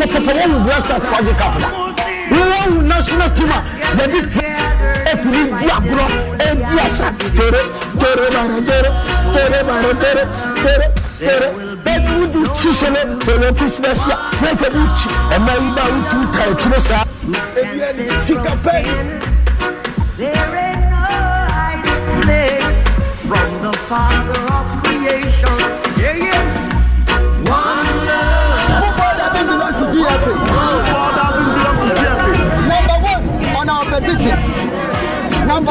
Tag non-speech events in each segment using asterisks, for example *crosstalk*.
tɔpɔtɔ wɔn wɔn efiri tere tere bara tere tere bara tere tere tere ɛmɛ yi ba ebi sika There ain't no from the Father of creation.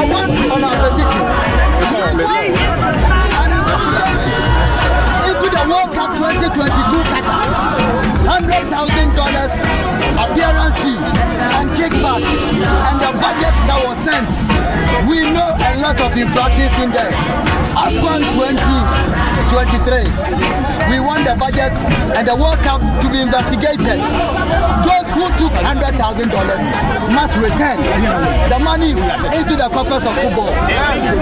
number one on our petition. Into the World Cup 2022 Qatar. dollars appearance fee and kickbacks and the budget that was sent. We know a lot of infractions in there. AFCON 20 2023. We want the budget and the World Cup to be investigated. Those who took $100,000 must return the money into the coffers of football.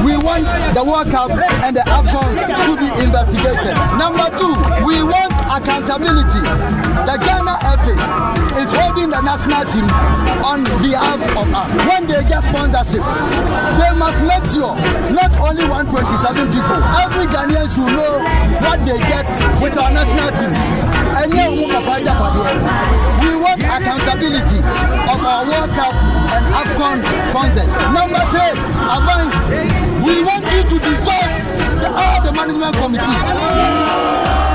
We want the World Cup and the AFCON to be investigated. Number two, we want accountability. The Ghana FA is holding the national team on behalf of us. When they get sponsorship, they must make sure not only 127 people, every Ghanaian should know what they get with our national team. And yeah, we want accountability of our World Cup and AFCON sponsors. Number three, advance. We want you to dissolve the, all the management committees.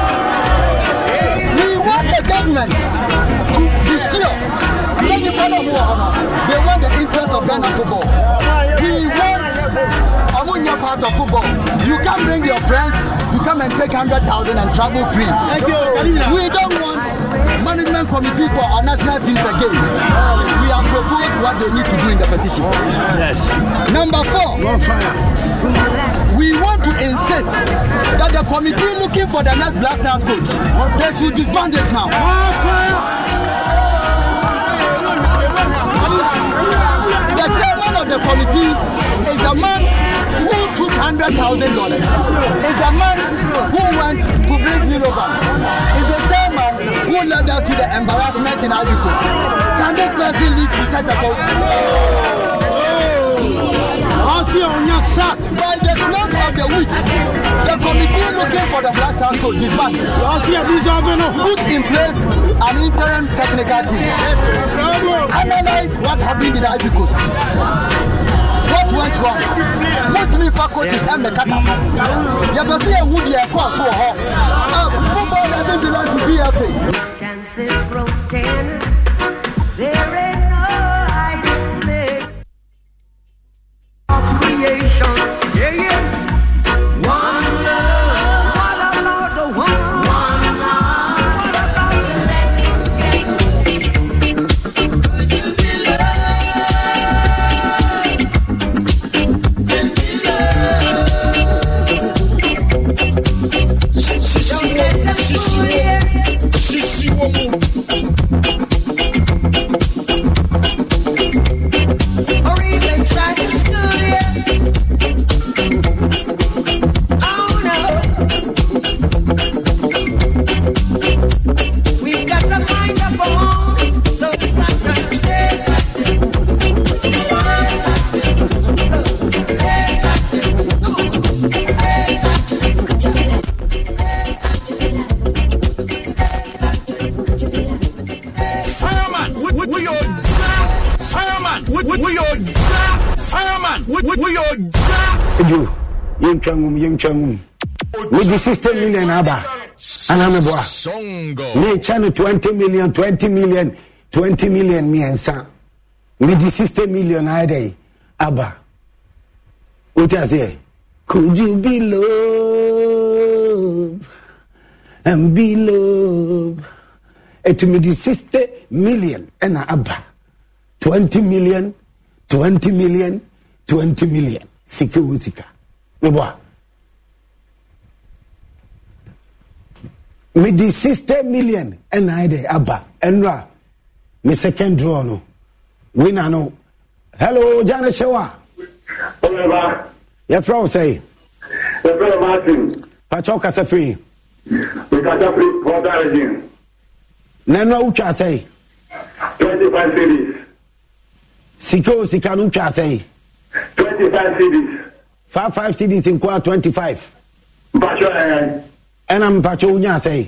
We want the government to be sure. They want the interest of Ghana football. We want Amunya part of football. You can bring your friends to come and take hundred thousand and travel free. We don't want management committee for our national teams again. We have proposed what they need to do in the petition. Yes. Number four. No fire. We want to insist that the committee looking for the next black stars coach, they should disband it now. No fire. The chairman of the committee is a man who took hundred thousand dollars. Is a man who wants to bring me over. Is who led us to the embarrassment in Aliko? Can this person lead to such a conclusion? on your side, By the command of the week, the committee looking for the black tackle disbanded. Put in place an interim technical team. Analyze what happened in Aliko what went wrong motumi fa coaches ɛmɛ kata so yabɛsi ewu deɛ ɛkɔɔ so wɔ hɔ football ɛdi belong dfa. million aba ana me boa me 20 million 20 million 20 million mmiɛnsa mede 60 million ayɛ dɛ aba could you be love and be love ɛtumi de 60 million ɛna aba 20 million 20 million 20 million sika wo sika me boa mede 60 million ɛna ayɛ dɛ aba ɛno a second draw no winner no hello gyane hyɛ wo a yɛfrɛ wo sɛe pakyɛ wokasa firi na ɛno a wotwa sɛe sika o sika no wotwa five 25 cds 55 twenty-five. 25 Bachelor, eh, ɛna mpatsɛ wonya asɛe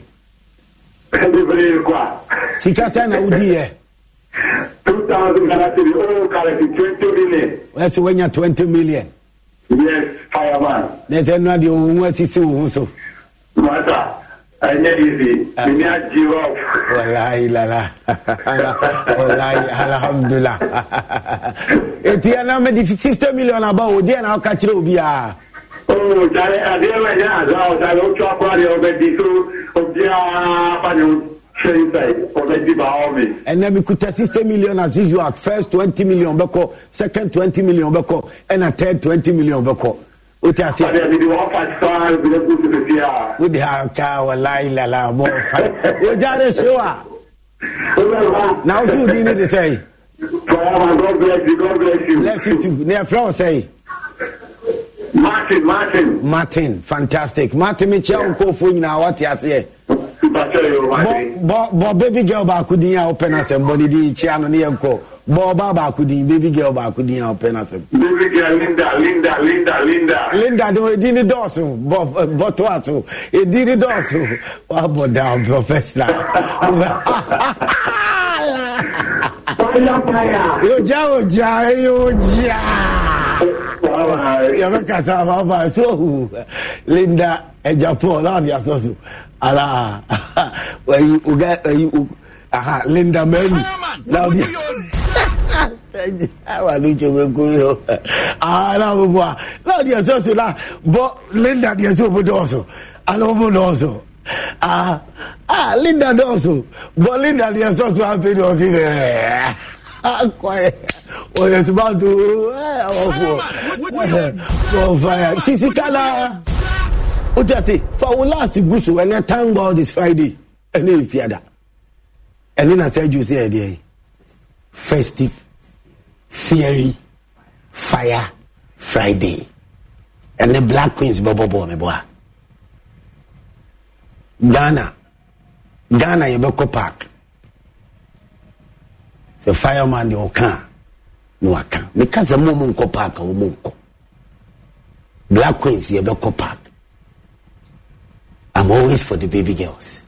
bebree kwa sika oh, sɛ na wodiiɛ ɛsɛ woanya 20 million yes fireman na ɛsɛ no adeɛ wo ho asisi wo ho so mata ɛnyɛ easy mene agye off wallahi lala wallahi alhamdulillah ɛti mede 60 million aba wo deɛ na woka kyerɛ obiaa Oh, tare adeɛ bɛ nyɛ aza o tare o tɔ akɔ adeɛ o bɛ di million as usual first twenty million bɛ second twenty million bɛ kɔ ɛnna third twenty million bɛ kɔ o ti a se. ɔdi se wa. n'aw si o di ne de sɛ ye. God Ne yɛ fɛn o martin martin. martin fantastic martin mi kyerɛ nkurɔfoɔ nyinaa wɔte aseɛ. bɔ bɔ baby girl baako din a wɔpɛ n'asɛm bɔ ne din kyia no ne yɛ nkɔ bɔ baby girl baako din a wɔpɛ n'asɛm. baby girl linda linda linda linda. linda E di ni dosu. dɔɔso bɔ bɔtɔ aso edi ni dɔɔso wabɔ down professional. ojá ojá eyo ojá yɛbɛkasa abaaba so linda ɛgyapɔ na ɔde asɔ so ala ayi oga ayi aha linda mɛni na ɔde asɔ awale tse bɛ ko yɔ aha na ɔbɛ bɔ a na ɔde asɔ so na bɔ linda deɛ so bɛ dɔɔso ala ɔbɛ dɔɔso aha ah linda dɔɔso bɔ linda deɛ sɔ so afei de ɔsi bɛɛ akɔyɛ eh, ɔyɛ suba to eh, ɛ eh, ɔfɔ ɔfɔ tisi kala o ti a se fawola asigu so ɛnɛ thank god is friday ɛnɛ yɛ fiada ɛnɛ na sɛ ju se ɛdeɛ festive fiery fire friday ɛnɛ black queens bɛbɔ bɔɔ mi bɔ a ghana ghana yɛ bɛ kɔ park. sɛ fireman deɛ ɔka na waka meka sɛ mo mu nkɔ park a wɔmu nkɔ black queens yɛbɛkɔ park i'm always for the baby girls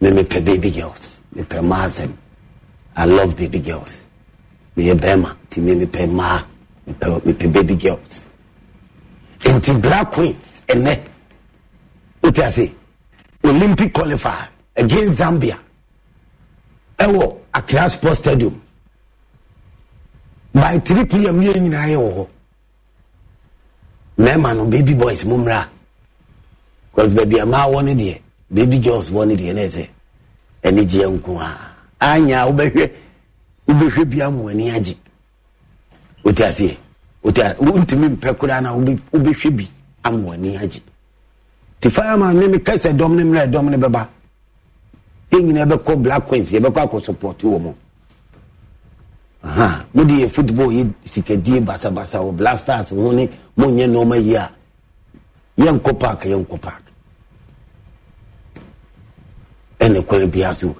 me mepɛ baby girls mepɛ mmaa asɛm i love baby girls meyɛ bɛrima nti me mepɛ mmaa mepɛ mepɛ baby girls nti black queens ɛnɛ wote olympic qualifier against zambia ɛwɔ akra sports stadium by three pm yẹn nyinaa yẹ wọ hɔ mɛɛma no baby boys mu mra because baabi ɛmaa wɔ ne deɛ baby girls wɔ ne deɛ ne sɛ ɛne gyeɛ nko a anya wobɛhwɛ wobɛhwɛ bia mu ani agye wote aseɛ wote wontumi mpɛ koraa na wobɛhwɛ bi ama w'ani agye nti fireman ne me kɛsɛ dɔm ne mmerɛ dɔm ne bɛba yɛn nyinaa bɛkɔ black queens yɛbɛkɔ akɔ support wɔ mu mo de yɛ football yɛ sikadie basabasa wɔ blasters ho ne mo nyɛ nneɛma yi a yɛnkɔ park yɛnkɔ park ɛna kwan bia so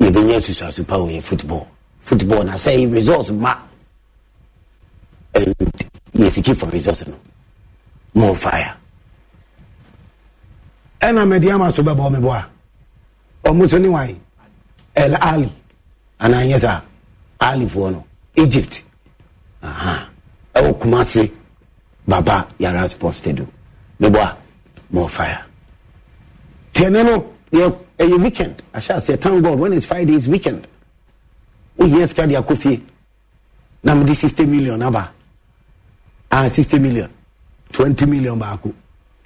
yɛbɛnya asusuasu pa wɔ yɛ football football na sɛ resource ma and yɛsiki for resource no more fire ɛna mɛde ama so bɛbɔ me boa ɔmo nso ne el ali anaa nyɛ saa alifoɔ no egypt ɛwɔ kumase baba yara sports stadium mebɔ a more fire tiɛnɛ no yɛ ɛyɛ weekend ahyɛ aseɛ thank god when it's five days weekend woyɛ sika de akɔ fie na mede sixty million aba ah sixty million twenty million baako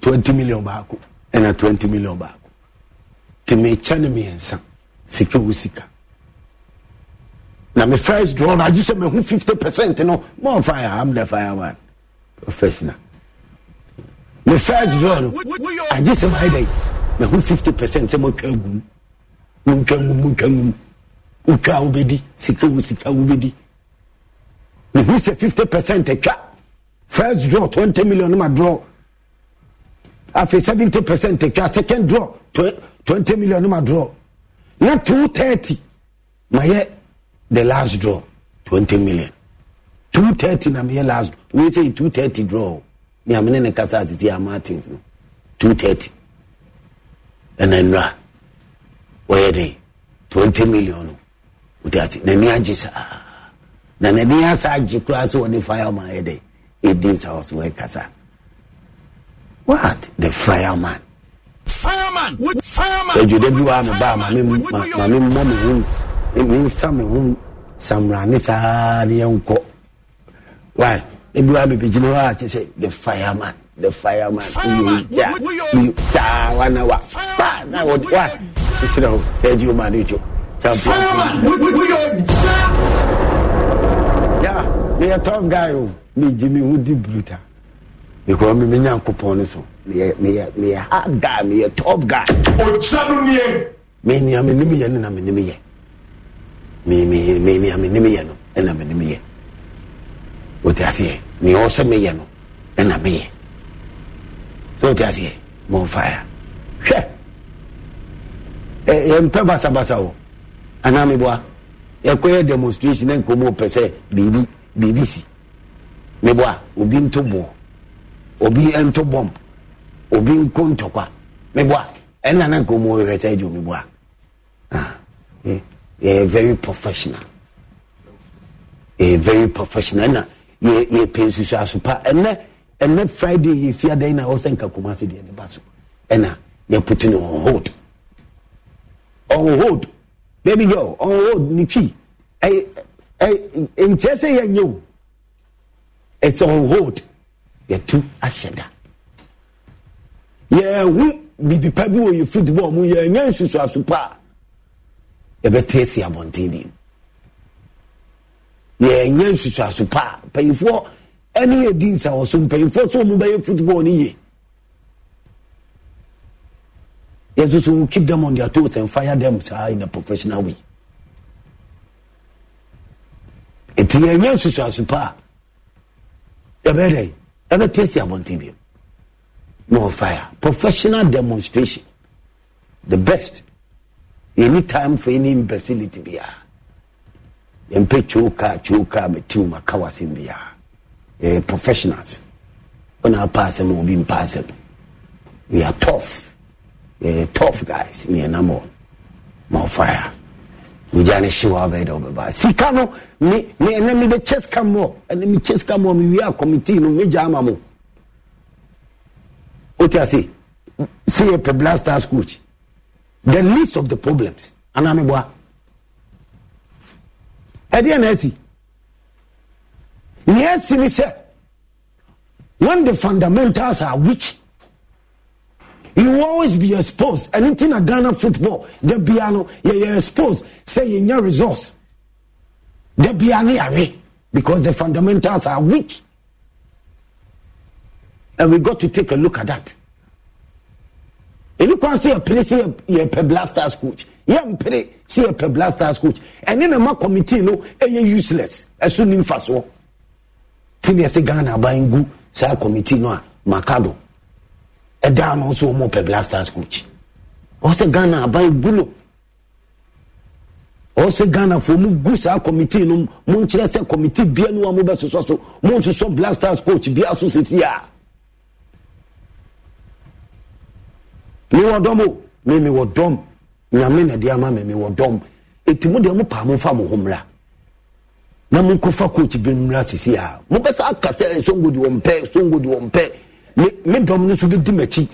twenty million baako ɛna twenty million baako nti mekyɛ ne mmiɛnsa sika wo na me first draw no agye sɛ mahu fifty percent no more fire am the fire man professional me first draw no agye sɛ maayɛ dɛn mahu fifty percent sɛ matwa agum wotwa ngum wotwa ngum wotwa a wobɛdi sika wo sika wobɛdi mehu sɛ 50 percent atwa first draw twenty million no ma draw afei seventy percent twa second draw twenty million ma draw na two thirty ma yɛ the last draw twenty million two thirty na ma yɛ last draw wey say two thirty draw ni amene ne kasa asisi ama things no two thirty ɛna nnura wɔyɛ de twenty million no wote ase na ni agye saa na na ni asa agye koraa so wɔ ne fire ma yɛ de eighteen hours wɔyɛ kasa what the fireman. fireman with fireman. ẹjọdẹ bi wa mi ba maami maami mọ mi hun mi nsa mi e, hun samurani saa ni yẹn nkọ why ebi wa mi bi gyina hɔ a kye sɛ the fireman the fireman Fireman! ja oyo saa wa Fireman! wa pa na wa wa esina o sɛji o ma ne jo champion. fireman oyo ja. ya mi yɛ tough guy o mi jimi o di brutal because mi mi nyankopɔn ne so meyɛ meyɛ meyɛ hard guy meyɛ top guy. ɔkyerɛ no nie. mi ni a ni mi yɛ ne na mi ni mi yɛ mi mi mi ni a mi ni mi yɛ no ɛna mi ni mi yɛ o ti a seɛ ni ɔsɛ mi yɛ no ɛna mi yɛ so o ti a seɛ mo n fa ya hwɛ ɛ yɛ mpɛ basabasa o anaa mi bɔ a yɛ kɔ yɛ demonstration na nkomo pɛ sɛ biribi biribi si mi bɔ a obi n to bɔ obi nto bɔm obi nko ntɔkwa meboa ɛna na nka ɔmu ɔhwɛ sɛ deɛ meboa ah, yɛyɛ very professional yɛyɛ very professional ɛna yɛpɛ nsusu aso pa ɛnɛ ɛnɛ friday yɛfia dan na ɔsɛ nka kɔma se deɛ ne ba so ɛna yɛputu no on hold on hold baby girl on hold ne twi ɛyɛ ɛyɛ nkyɛn sɛ yɛnyɛ o it's on hold yɛtu ahyɛ da yɛhu biribi pa bi wɔ yɛ football mu yɛnya nsusuaso pa a yɛbɛte asi abɔnten bi yɛnya nsusuaso pa a mpanyinfoɔ ɛne yɛdi nsawɔ so mpanyinfoɔ so wɔn bɛyɛ football no yie yɛso so we keep them on their toes and fire them saa in a professional way nti yɛnya nsusuaso pa a yɛbɛyɛ dɛ ɛbɛtɛ si abɔnten bi na fire. professional demonstration the best Any time for any imbecility biara yɛmpɛ two car two car mɛtiw ma ka wasɛm biara yɛyɛ eh, professionals wɔn a paase mu obi mpaase mu we are tough yɛyɛ eh, tough guys ne yɛnam hɔ ma fire wogya ne hyew a bɛyɛ dɛ wobɛba sika no ɛnɛ mebɛkyɛ sika mmɔ ɛnɛ mekyɛ sika mmɔ mewie a committee no mɛgya ama mo wote ase sɛ yɛpɛ black stars coach the list of the problems anaa meboa ɛdeɛ na asi neɛ asi ne sɛ when the fundamentals are weak you will always be exposed anything a ghana football the piano yeah you exposed say you your resource the piano away because the fundamentals are weak and we got to take a look at that if you can see a play see a, a per blasters coach yeah play see a per blasters coach and then a committee no eh, a useless as soon as fast war oh. tiniase ghana buying good sir committee no ah, makado ɛda no nso wɔn pɛ blasters coach ɔsɛ ghana aban gulo ɔsɛ ghana fo mu gu saa committee no mu nkyerɛ sɛ committee bia no a mo bɛ soso so mo nsoso blasters coach bia so sisi a mi wɔ dɔm o mi mi wɔ dɔm nyame na de ama mi mi wɔ dɔm eti mo deɛ mo pa mo fa mo ho mra na mo nkɔfa coach bi mra sisi a mo bɛ sɛ aka sɛ songodi wɔn pɛ songodi wɔn pɛ me dɔm no so bɛdi m'akyi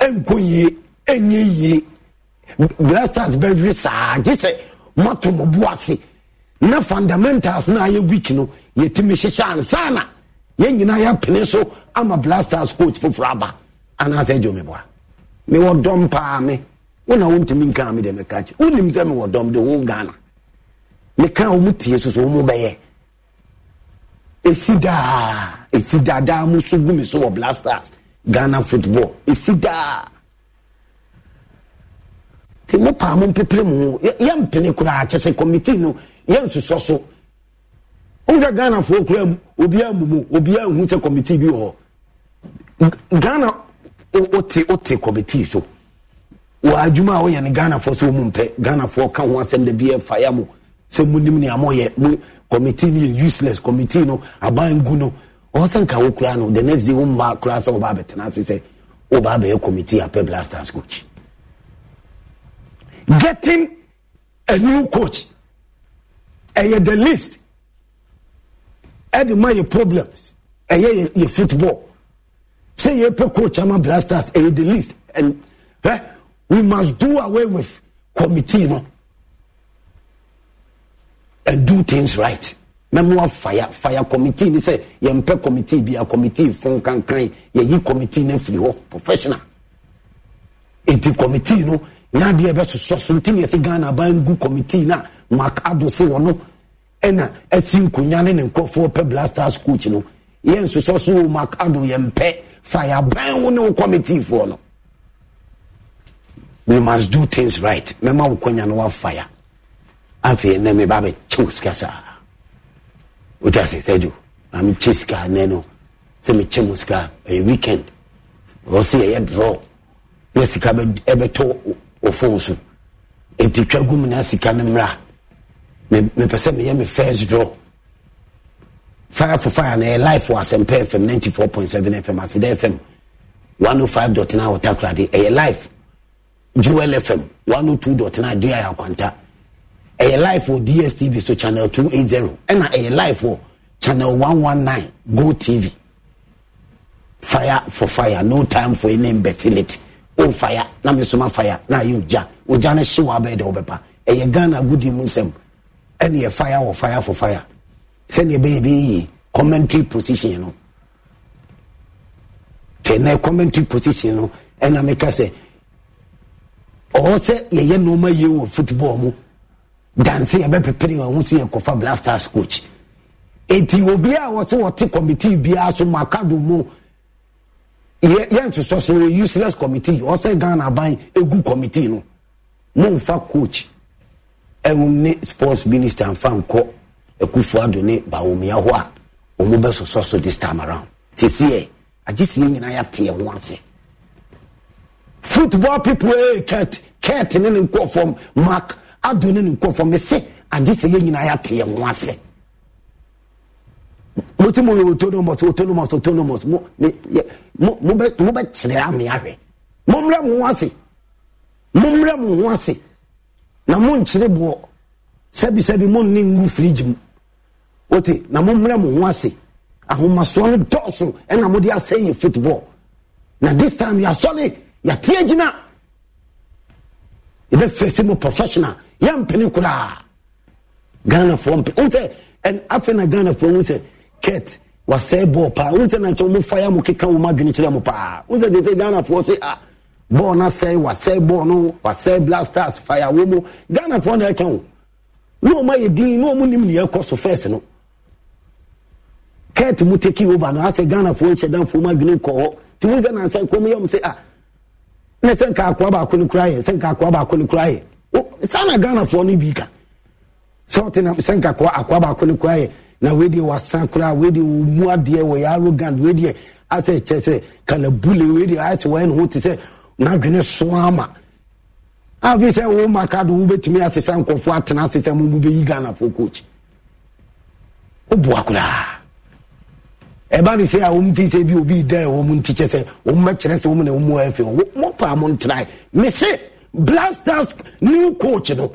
ɛnkɔ yie ɛnyɛ yie blasters bɛwe saa gye sɛ moato mo bo ase na fundamentals na a yɛ week no yɛtumi hyehyɛ ansa na yɛn nyinaa yɛpene so ama blasters coach foforɔ aba anaasɛ agyo me boa mewɔ dɔm paa me wona wontumi nkaa me deɛ meka kye wonim sɛ mewɔ dɔm de wo ghana meka wo mu tie so so wo mu bɛyɛ ɛsi daa ɛsi daadaa mu so gu mi so wɔ blasters ghana football ɛsi daa nti mo paa mo mpepere mu ho yɛn mpene koraa kyɛ sɛ kɔmiti no yɛn nsusɔ so ohun sɛ ghana foɔ kura mu obiara mu mu obiara hu sɛ kɔmiti bi wɔ hɔ ghana ote ote committee so wɔ adwuma a wɔyɛ no ghana foɔ so wɔn mpɛ ghana foɔ ka ho asɛm de bi yɛ fa ya mo sɛ mo nim nea mo yɛ mo kɔmiti no yɛ useless committee no aban gu no ɔsɛ nka wo kura no the next day wo mma kura sɛ wo ba abɛtena ase sɛ wo ba abɛyɛ committee apɛ blasters coach getting a new coach ɛyɛ the list ɛde ma yɛ problems ɛyɛ yɛ football sɛ yɛpɛ coach ama blasters ɛyɛ the list and eh, we must do away with committee no and do things right mɛmoa fire fire committee ni sɛ yɛmpɛ committee bi a committee fon kankan yɛyi committee no afiri hɔ professional eti committee no nyadeɛ bɛsosɔ so nti ne yɛsɛ ghana aban gu committee no a mark ado se wɔ no ɛna asi nkonnwa ne ne nkurɔfoɔ pɛ blasters coach no yɛn nsosɔ so wɔ mark ado yɛmpɛ fire ban wo ne wo committee foɔ no we must do things right mɛma wo kɔnya no wafire afei ɛnɛ me ba bɛkyɛw sika saa wotu ase sɛdwo maame kye sika nɛ no sɛ mekyɛ mu sika ɛyɛ weekend ɔse ɛyɛ draw na sika ɛbɛtɔ ɔfon so ɛti twa gu mu na sika no mmra mepɛ sɛ meyɛ me first draw fire for fire na ɛyɛ life wɔ asɛmpa fm ninety four point seven fm aseda fm one oh five 105.9 wɔtakorade ɛyɛ life jewel fm one oh two 102.9 dua yɛ akwanta ɛyɛ live for dstv so channel two eight zero ɛna ɛyɛ live for channel one one nine go tv fire for fire no time for any imbecility o oh, fire na mi soma fire na ayi ogya ogya no hye wa abɛɛ de ɔbɛpa ɛyɛ ghana good mu nsɛm ɛna yɛ fire wɔ fire for fire sɛnea ɛbɛyɛ bɛyɛ yie commentary position no fɛ na commentary position oh, no ɛna mi ka sɛ ɔwɔ sɛ yɛyɛ nneɛma yie wɔ football mu. Danse yɛbɛpepere wɔn ho si yɛkɔfa blasters coach eti obi a wɔsi wɔte committee biara so makado mu yɛ so yɛ useless committee ɔsɛ ghana ban egu committee no mo coach ɛwom ne sports minister nfa nkɔ ekufuado ne bawomia hɔ a wɔn bɛ soso so this time around sisi yɛ agyesi yɛ nyinaa yɛate yɛn ho ase football people ɛyɛ kɛt kɛt ne ne nkɔfɔm mark ado ne ne nkɔfɔ me se agye sɛ yɛ nyinaa yɛateɛ ho ase mo ti mo yɛ autonomous autonomous autonomous mo bɛ kyerɛ mo mo mommrɛ mo ho ase mommrɛ mo ho ase na monkyere boɔ mo monni ngu fridge mu wote na mommrɛ mo ho ase ahomasoɔ no dɔɔso mo mode asɛe yɛ football na this time yɛasɔre yɛteɛ gyina yɛbɛfɛsi mo professional yɛmpene koraa ghanafoɔ mpe wo sɛ afei na ghanafoɔ hu sɛ ket wasɛe bɔɔl paa wo sɛ nankyɛ womofa yɛ mo keka wo ma adwene kyerɛ mo paa wo sɛ tete ghanafoɔ ah, se a bɔɔl no asɛe wasɛe bɔɔl no wasɛe blasters fire e wo mu ghanafoɔ na ɛka wo ne ɔma yɛ din ne ɔmo nim ne yɛkɔ so fɛs no ket mu teki over no asɛ ghanafoɔ nhyɛdanfoɔ mu adwene nkɔ hɔ nti wo sɛ nansɛ kɔm yɛ m sɛ a ah, ne sɛ nkaakoa baako ne koraa yɛ sɛ nkaakoa baako ne koraa yɛ saa na ghanafoɔ no bi ka sɛ ɔte na sɛ nka kɔ akɔ baako ne kɔ ayɛ na wedeɛ wasan koraa wedeɛ wɔmu adeɛ wɔyɛ arrogant wedeɛ asɛ kyɛ sɛ kalabule wedeɛ ayɛ sɛ wɔyɛ ne ho te sɛ n'adwene so ama afi sɛ wo maka do wobɛtumi asesa nkɔfoɔ atena ase sɛ momu bɛyi ghanafoɔ coach woboa koraa ɛba ne sɛ a wɔmfi sɛ bi obi da ɛwɔ mu nti kyɛ sɛ wɔmmɛkyerɛ sɛ wɔmu na wɔmu afei mɔpaa mo ntrae me se blasters new coach no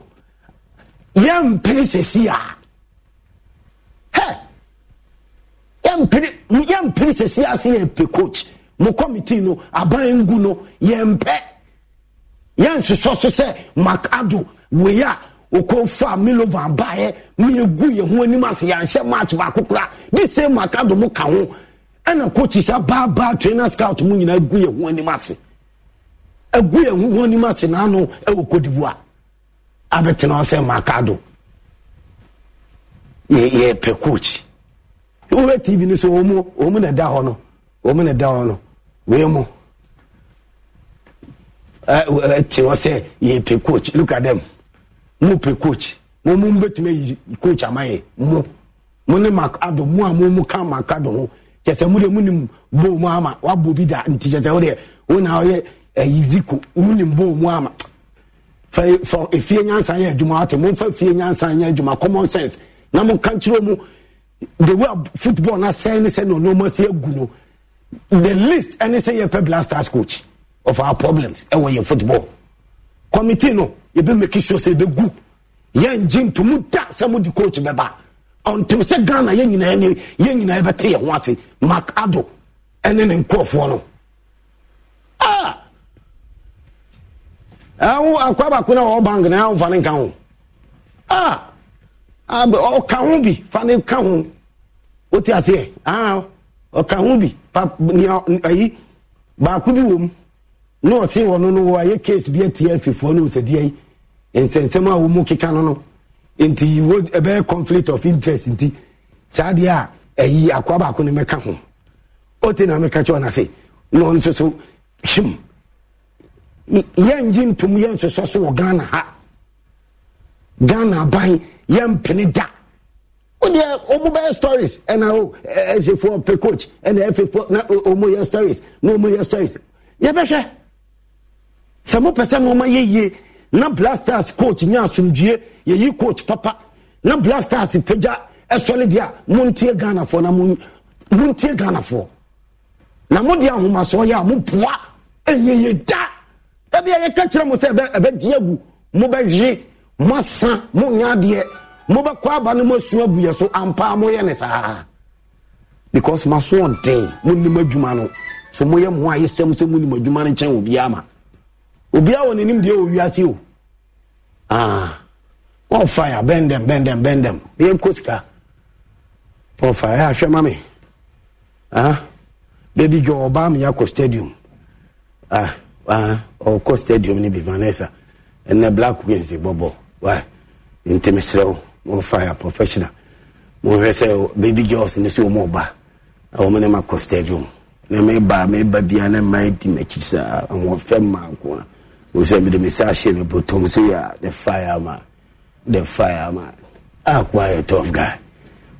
yɛmpere sɛsi a hɛ yɛmpere sɛsi a sɛ yɛpɛ coach mo committee no aban ngu no yɛmpɛ yɛnsosɔ so sɛ macado wei a okɔfa milovan baeɛ meyɛgu yɛ ho anim ase yɛanhyɛ match baako koraa de sɛ macado mo ka ho ɛna coach sɛ baabaa trainer scout mu nyinaa gu yɛ ho anim ase agu yɛn ho wɔn anim atena ano wɔ kodibu a abɛtena ɔsɛ makado yɛ yɛ pe coach wɔhɛ tv no so wɔn na da hɔ no wɔn na da hɔ no wee mụ. ɛɛ te hɔ sɛ yɛ pɛ coach look at them mo pɛ coach mo mo bɛtumi yi coach ama mụ mụ mo ne makado mụ a mụ mụ ka makado ho kyɛ sɛ mụ de mo nim bo mo ama wabɔ bi da nti kyɛ sɛ o deɛ o na ɔyɛ. ɛyi ziko wunim bo mu ama fɛ fɔ efie nyansan yɛ adwuma ate mo nfa efie nyansan yɛ adwuma common sense na mo kankyerɛ mu the way football na sɛn ne sɛ na ɔnɔɔma si egu no the least ɛne sɛ yɛ pɛ blasters coach of our problems ɛwɔ e yɛ football committee no yɛ bɛ make sure sɛ yɛ bɛ gu yɛn gye ntomu da sɛ mo di coach bɛ ba until sɛ ghana yɛn nyinaa yɛn nyinaa yɛ e bɛ te yɛn ho ase mark ado ɛne ne nkɔɔfoɔ no aa. Ah! akwa baako na ɔwɔ bank na ɛwɔ nfani ka ho a ɔka ho bi fani ka ho o ti aseɛ aa ɔka ho bi pa nea ayi baako bi wɔ mu na ɔsi wɔ no no wɔ ayɛ case bi ɛti ɛfifoɔ no osadeɛ yi nsɛnsɛm a wɔn keka no no nti wo ɛbɛyɛ conflict of interest nti saa deɛ a ɛyi akwa baako na mɛka ho o ti na mɛka kyɛw na na ɔno nso so him. yɛngye ntom yɛnsosɔ so wɔ ghana ha ghana aban yɛmpene da wodeɛ ɔmu bɛyɛ stories ɛna o ɛsɛfoɔ pɛ coach ɛna ɛfɛfoɔ na ɔmu yɛ stories na ɔmu yɛ stories yɛbɛhwɛ sɛ mopɛ sɛ nneɔma yɛ yie na blasters coach nyɛ asomdwie yɛyi coach papa na blasters pagya ɛsɔre deɛ a montie ghanafoɔ na montie ghanafoɔ na mode ahomasoɔ yɛ a mopoa ɛyɛyɛ da ebi a yɛka kyerɛ mo sɛ ɛbɛgye agu mo bɛhwe mo asa mo nya adeɛ mo bɛkɔ aba no mo asu agu yɛ so ampa mo yɛ ne saa because ma so ɔden mo nim adwuma no so mo yɛ mo a yɛsɛm sɛ mo nim adwuma no nkyɛn obiara ma obiara wɔ n'anim deɛ wɔ wiase o ah wɔn fire bend them bend them bend them yɛn kɔ sika wɔn fire yɛ ahwɛ mami ah baby girl ɔbaa mi yɛ akɔ stadium ah ɔkɔ oh, stadium no bi vanessa ɛnɛ black wins bɔbɔ wa nti meserɛ wo momfa yɛ professional mohwɛ sɛ baby girls no sɛ ɔmu ɔba wɔm ne makɔ stadium na meba meba bia na ma di m'akyi saa ahoɔfɛ maako a wɔ sɛ mede me sa ahyɛ me botɔm sɛ yɛ the fire ma the fire ma akoa yɛ tough guy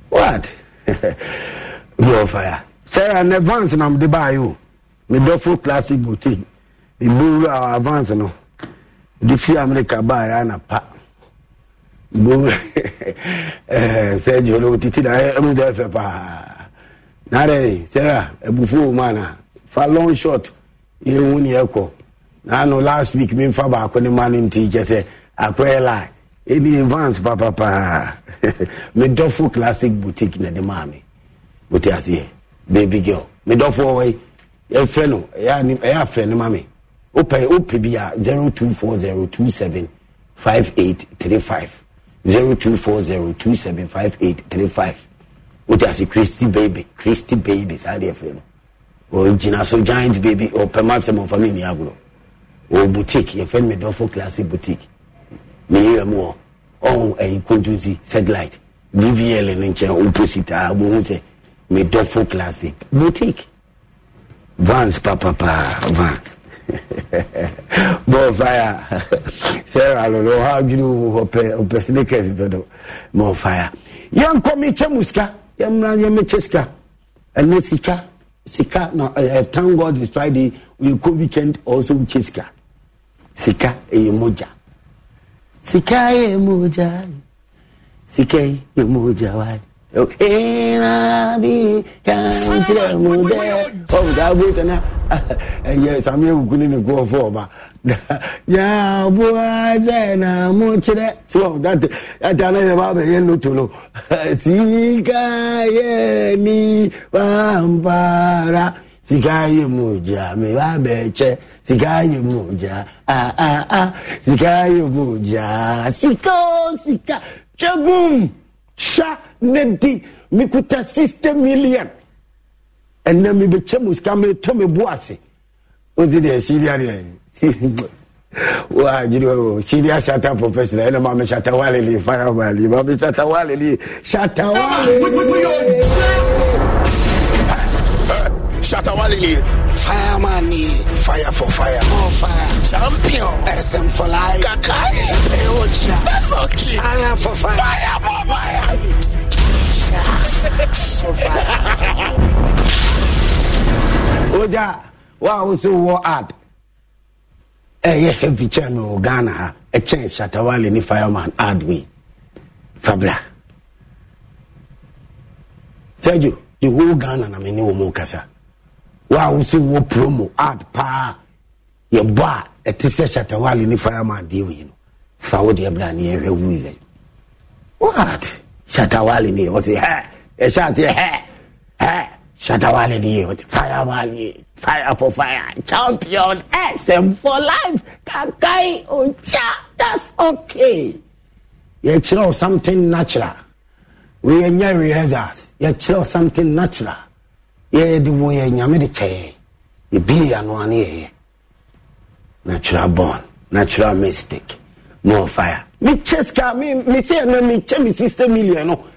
what *laughs* bi ɔfire sɛ ɛnɛ vance na mede baayɛ o medɔfo classic boutique ibowura avance no de fi america baa ya na pa ibowura sẹji *laughs* eh, olówó titi na ẹmu eh, tẹ fẹ paa n'arẹ sẹra ebufu omo ana fa long shot ihe hu ni ẹ kọ n'anu last week mi nfa baako ni ma ni nti kyesẹ akọ ẹ lai e ebi advance papapa *laughs* mi dɔfo classic boutique na de maa mi o ti aseɛ baby girl mi dɔfo wɔyi yɛ e fɛ no ɛyɛ afɛ ne ma mi wopɛ wopɛ bi a zero two four zero two seven five eight three five zero two four zero two seven five eight three five wote ase christy baby christy baby saa deɛ fɛ no ɔgyina so giant baby ɔpɛ ma sɛ mɔfa mi mi ɔ boutique yɛfɛ mi dɔfo classic boutique mi yɛrɛ mu hɔ ɔn ɛyi kontunti satellite dvl ne nkyɛn opposite a mo hu sɛ mi dɔfo classic boutique vans papapa vans ball *laughs* fire *laughs* sarah lolo ɔha adwiri wo ɔpɛ ɔpɛ sneakers dodo ball fire yɛn kɔ mi kyɛ mu sika yɛn mmeran yɛn mi kyɛ sika ɛnɛ sika sika na ɛ ɛ thank god it's friday we go weekend also we kyɛ sika sika ɛyɛ mogya sika yɛ mogya sika yɛ mogya waaye. Erabi kankyerɛ oh, *laughs* *laughs* mu dɛ ɔbu daa bɔ ita na ɛyɛ sami ewuku ne ne kɔ fɔ ɔba yaboa sɛ na mo kyerɛ si wa dante ata na yɛ ba bɛ yɛ loto no *laughs* sika yɛ ni pampara sika yɛ mu mi ba bɛ kyɛ sika yɛ mu gya a a a sika yɛ mu gya sika oh, sika twɛ hyɛ ne di mekuta sixty million ɛnna mebɛkyɛ mu sika metɔ me bo ase woti deɛ siria deɛ eh. *laughs* wajiri o siria shata professional ɛnna maame shata walele fire wale maame shata walele shata walele. shata walele fireman ni fire for fire on fire champion sm for life kakai peocha that's okay fire for fire fire for *laughs* ogya wa a wosɛ wɔ ad ɛyɛ heavy channel ghana eh, ha ɛkyɛn shatawale ne fireman adwi fabra sergio the whole ghana na mene wɔ mu kasa wa a wosɛ wɔ promo ad paa yɛbɔ eh, a ɛte sɛ shatawale ne fireman deɛ wei no fa wo deɛ bra ne eh, yɛhwɛ wo sɛ what shatawali niye wote eshati shatawali niye wote firewali fire fire for fire champion sm for life kakai ocha that's okay yɛkyerɛw something natural wɔyɛnya rehearsals yɛkyerɛw something natural yɛyɛde wo yɛ nyame de kyɛɛ yɛbie yɛanoa ne yɛyɛ natural born natural mystic more fire mekyɛ sika meseɛ no mekyɛ me 60 million no